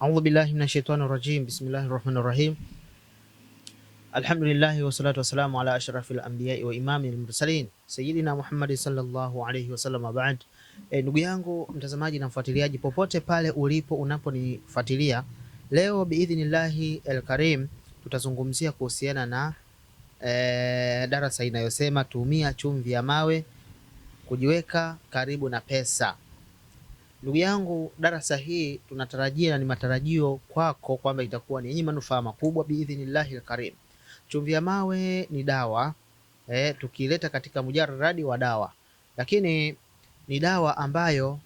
Audhu billahi minashaitani rajim. Bismillahi rahmani rahim. Alhamdulillahi wassalatu wassalamu ala ashrafil anbiyai wa imamil mursalin sayyidina Muhammad sallallahu alayhi wasallam. Baad e, eh, ndugu yangu mtazamaji na mfuatiliaji popote pale ulipo unaponifuatilia, leo biidhnillahi alkarim tutazungumzia kuhusiana na e, darasa inayosema tumia chumvi ya mawe kujiweka karibu na pesa. Ndugu yangu, darasa hii tunatarajia na ni matarajio kwako kwamba itakuwa ni yenye manufaa makubwa biidhinillahi lkarim Chumvi ya mawe ni dawa eh, tukileta katika mujarradi wa dawa, lakini ni dawa ambayo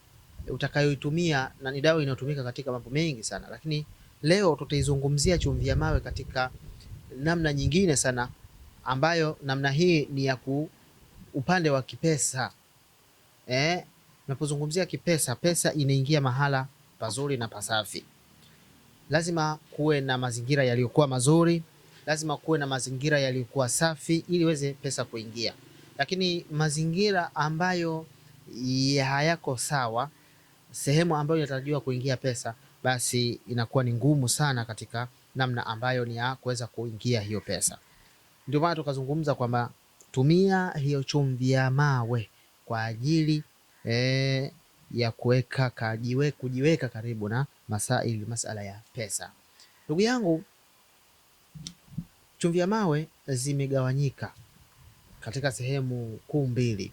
utakayoitumia na ni dawa inayotumika katika mambo mengi sana, lakini leo tutaizungumzia chumvi ya mawe katika namna nyingine sana, ambayo namna hii ni ya ku upande wa kipesa eh, Tunapozungumzia kipesa, pesa inaingia mahala pazuri na pasafi, lazima kuwe na mazingira yaliyokuwa mazuri, lazima kuwe na mazingira yaliyokuwa safi ili iweze pesa kuingia. Lakini mazingira ambayo hayako sawa, sehemu ambayo inatarajiwa kuingia pesa, basi inakuwa ni ngumu sana katika namna ambayo ni ya kuweza kuingia hiyo pesa. Ndio maana tukazungumza kwamba tumia hiyo chumvi ya mawe kwa ajili eh, ya kuweka kajiwe, kujiweka karibu na masaili masala ya pesa. Ndugu yangu, chumvi ya mawe zimegawanyika katika sehemu kuu mbili.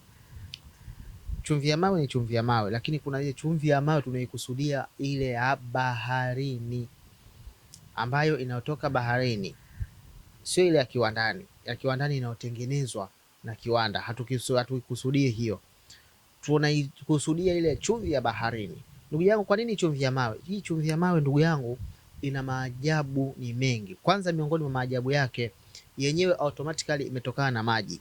Chumvi ya mawe ni chumvi ya mawe, lakini kuna ile chumvi ya mawe tunaikusudia ile ya baharini ambayo inayotoka baharini, sio ile ya kiwandani. Ya kiwandani inayotengenezwa na kiwanda, hatuikusudii hiyo tunaikusudia ile chumvi ya baharini. Ndugu yangu, kwa nini chumvi ya mawe? Hii chumvi ya mawe ndugu yangu ina maajabu ni mengi. Kwanza, miongoni mwa maajabu yake yenyewe automatically imetokana na maji,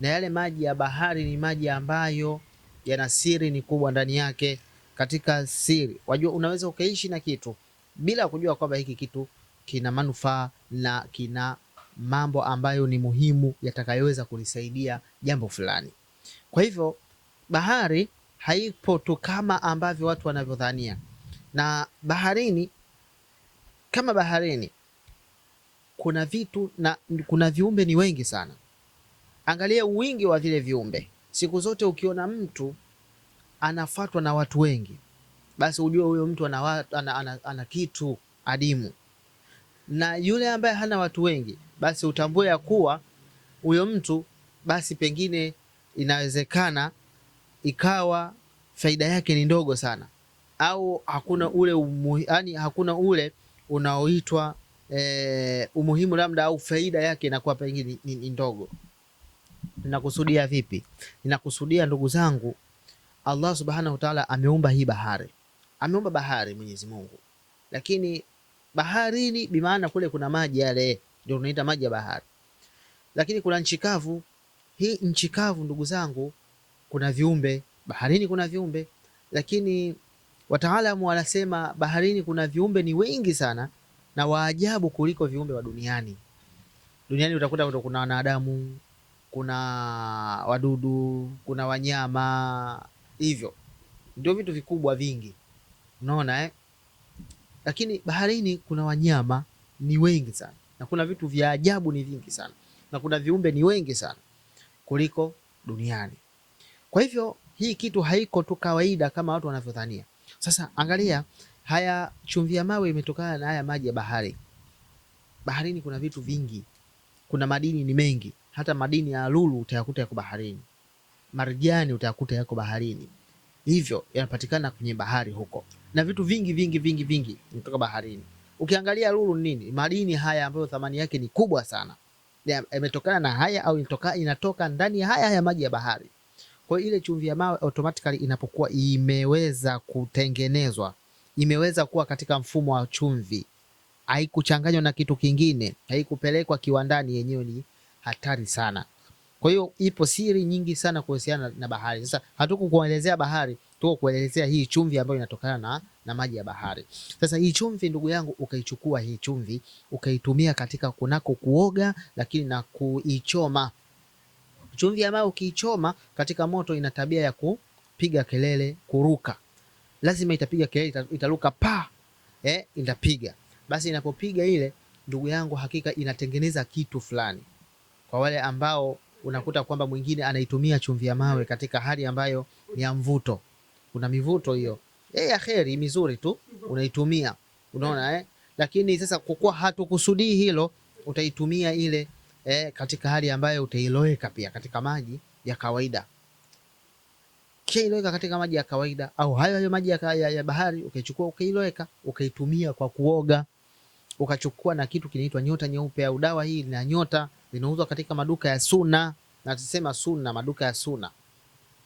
na yale maji ya bahari ni maji ambayo yana siri ni kubwa ndani yake. Katika siri, wajua, unaweza ukaishi na kitu bila kujua kwamba hiki kitu kina manufaa na kina mambo ambayo ni muhimu yatakayoweza kulisaidia jambo fulani. Kwa hivyo bahari haipo tu kama ambavyo watu wanavyodhania, na baharini kama baharini kuna vitu na kuna viumbe ni wengi sana. Angalia wingi wa vile viumbe. Siku zote ukiona mtu anafatwa na watu wengi, basi ujue huyo mtu ana, ana, ana, ana, ana kitu adimu, na yule ambaye hana watu wengi, basi utambue ya kuwa huyo mtu basi pengine inawezekana ikawa faida yake ni ndogo sana, au hakuna ule umuhi, yani hakuna ule unaoitwa e, umuhimu labda, au faida yake inakuwa pengine ni ni ndogo. Ninakusudia vipi? Ninakusudia ndugu zangu, Allah subhanahu wa ta'ala ameumba hii bahari, ameumba bahari Mwenyezi Mungu, lakini baharini bi maana kule kuna maji yale ndio tunaita maji ya bahari, lakini kuna nchi kavu. Hii nchi kavu ndugu zangu kuna viumbe baharini, kuna viumbe lakini wataalamu wanasema baharini kuna viumbe ni wengi sana na waajabu kuliko viumbe wa duniani. Duniani utakuta kuna wanadamu, kuna wadudu, kuna wanyama, hivyo ndio vitu vikubwa vingi, unaona eh? Lakini baharini kuna wanyama ni wengi sana na kuna vitu vya ajabu ni vingi sana na kuna viumbe ni wengi sana kuliko duniani. Kwa hivyo hii kitu haiko tu kawaida kama watu wanavyodhania. Sasa angalia haya, chumvi ya mawe imetokana na haya maji ya bahari. Baharini kuna vitu vingi, kuna madini ni mengi. Hata madini ya lulu utayakuta yako baharini, marjani utayakuta yako baharini, hivyo yanapatikana kwenye bahari huko, na vitu vingi vingi vingi vingi kutoka baharini. Ukiangalia lulu nini, madini haya ambayo thamani yake ni kubwa sana, yametokana na haya au inatoka, inatoka ndani ya haya haya maji ya bahari. Kwa hiyo ile chumvi ya mawe automatically inapokuwa imeweza kutengenezwa, imeweza kuwa katika mfumo wa chumvi, haikuchanganywa na kitu kingine, haikupelekwa kiwandani, yenyewe ni hatari sana. Kwa hiyo ipo siri nyingi sana kuhusiana na bahari. Sasa hatukukuelezea bahari, tuko kuelezea hii chumvi ambayo inatokana na, na maji ya bahari. Sasa hii chumvi ndugu yangu, ukaichukua hii chumvi ukaitumia katika kunako kuoga, lakini na kuichoma Chumvi ambayo ukiichoma katika moto ina tabia ya kupiga kelele, kuruka, lazima itapiga kelele, italuka pa eh, itapiga. Basi inapopiga ile, ndugu yangu, hakika inatengeneza kitu fulani. Kwa wale ambao unakuta kwamba mwingine anaitumia chumvi ya mawe katika hali ambayo ni ya mvuto, kuna mivuto hiyo eh, ya kheri mizuri tu unaitumia, unaona eh? Lakini sasa kwa kuwa hatukusudii hilo, utaitumia ile eh, katika hali ambayo utailoweka pia katika maji ya kawaida. Kishailoweka katika maji ya kawaida au hayo hayo maji ya, ya, ya bahari ukaichukua ukailoweka ukaitumia kwa kuoga, ukachukua na kitu kinaitwa nyota nyeupe au dawa hii na nyota, linauzwa katika maduka ya suna, na tusema suna, maduka ya suna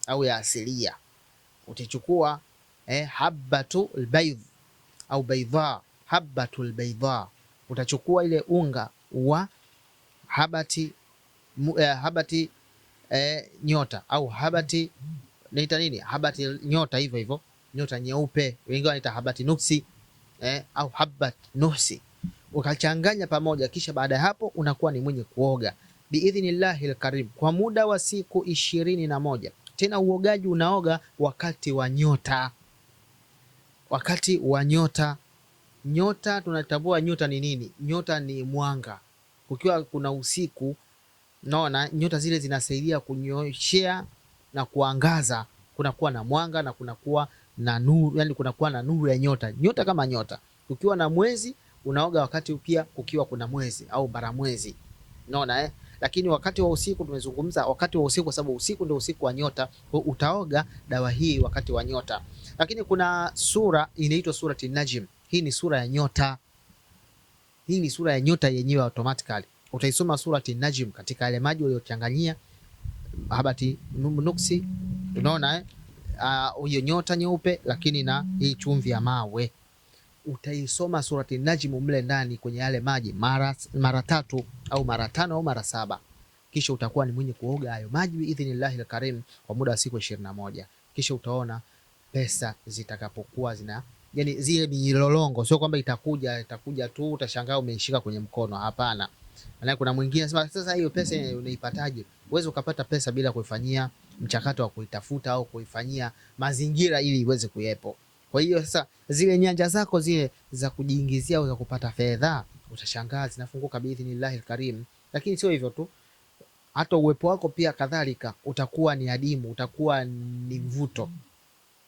au ya asilia, utachukua eh, habatu albayd au baydha, habatu albayda, utachukua ile unga wa habati, eh, habati e, nyota au habati naita nini, habati nyota, hivyo hivyo nyota nyeupe, wengine wanaita habati nuksi eh, au habat nuksi, ukachanganya pamoja, kisha baada ya hapo unakuwa ni mwenye kuoga biidhnillahi lkarim kwa muda wa siku ishirini na moja. Tena uogaji unaoga wakati wa nyota, wakati wa nyota. Nyota tunatambua nyota ni nini? Nyota ni mwanga kukiwa kuna usiku, naona nyota zile zinasaidia kunyoshea na kuangaza, kunakuwa na mwanga na kunakuwa na nuru, yani kunakuwa na nuru ya nyota, nyota kama nyota. Kukiwa na mwezi unaoga wakati pia kukiwa kuna mwezi au mwezi, naona eh? Lakini wakati wa usiku tumezungumza wakati wa usiku, kwa sababu usiku ndio usiku wa nyota, utaoga dawa hii wakati wa nyota. Lakini kuna sura inaitwa surati Najm, hii ni sura ya nyota. Hii ni sura ya nyota yenyewe automatically. Utaisoma surati Najm katika yale maji waliochanganyia habati nuksi, unaona eh? Ah, hiyo uh, nyota nyeupe lakini na hii chumvi ya mawe. Utaisoma surati Najm mle ndani kwenye yale maji mara, mara tatu au mara tano au mara saba kisha utakuwa ni mwenye kuoga hayo maji biidhnillahi lkarim kwa muda wa siku ishirini na moja. Kisha utaona pesa zitakapokuwa zina yani zile milolongo, sio kwamba itakuja itakuja tu utashangaa umeishika kwenye mkono. Hapana, maana kuna mwingine anasema sasa, hiyo pesa unaipataje? Uweze ukapata pesa bila kuifanyia mchakato wa kuitafuta au kuifanyia mazingira ili iweze kuyepo. Kwa hiyo sasa zile nyanja zako zile za kujiingizia au za kupata fedha utashangaa zinafunguka biidhnillahi karim. Lakini sio hivyo tu, hata uwepo wako pia kadhalika utakuwa ni adimu, utakuwa ni mvuto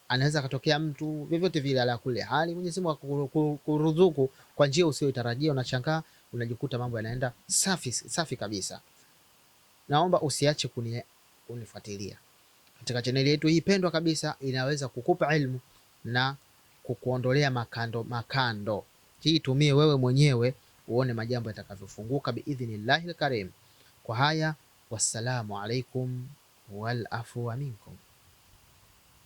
anaweza akatokea mtu vyovyote vile, ala kule hali Mwenyezi Mungu akuruzuku kwa njia usiyotarajia, unachangaa unajikuta mambo yanaenda safi safi kabisa. Naomba usiache kunifuatilia katika chaneli yetu hii pendwa kabisa, inaweza kukupa elimu na kukuondolea makando makando. Hii tumie wewe mwenyewe uone majambo yatakavyofunguka biidhnillahi lkarim. Kwa haya, wassalamu alaikum wal afwa minkum.